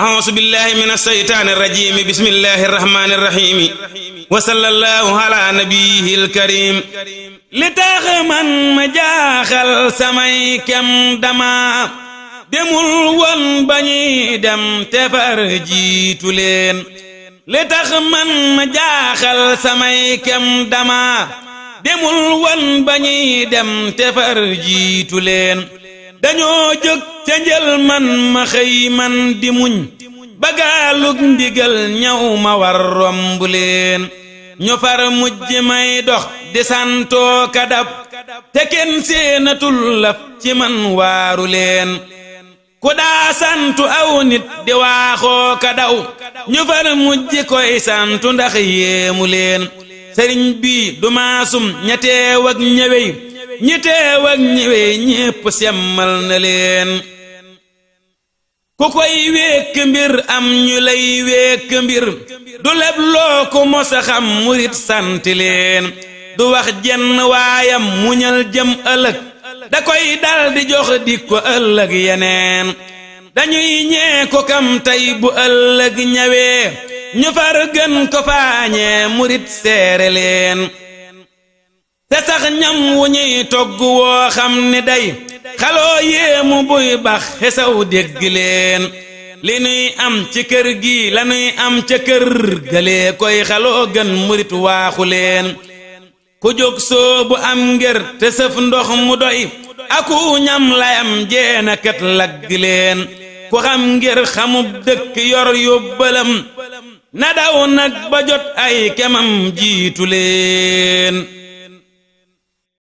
أعوذ بالله من الشيطان الرجيم بسم الله الرحمن الرحيم وصلى الله على نبيه الكريم li tax man ma jaaxal samay kem dama demul woon ba ñuy dem tefar jiitu leen li tax man ma jaaxal samay kem dama demul woon ba ñuy dem tefar jiitu leen dañoo jóg ca njël man ma xëy man di muñ bagaalug ndigal ñaw ma war romb leen ñu far mujj may dox di santoo kadab te kenn séenatul laf ci man waaru leen ku daa santu aw nit di waaxoo kadaw ñu far mujj koy santu ndax yéemu leen sëriñ bii du maasum ña teew ak ñëwey ñi teew ak ñëwey ñépp semmal na leen ku koy wékk mbir am ñu lay wékk mbir du leb loo ko mos a xam murit sant leen du wax jenn waayam muñal jëm ëllëg da koy dal di jox dik ko ëllëg yeneen dañuy ñee ko kam tey bu ëllëg ñawee ñu far gën ko faañee murit seere leen te ñam wu ñuy togg woo xam ni day xaloo yéemu buy bax xesaw dégg leen li nuy am ci kër gi la nuy am ca kër galee koy xaloo gën murit waaxu leen ku jóg soobu am ngër te sëf ndox mu doy aku ñam layam jeenakat lagg leen ku xam ngir xamub dëkk yor yóbbalam na daw nag ba jot ay kemam jiitu leen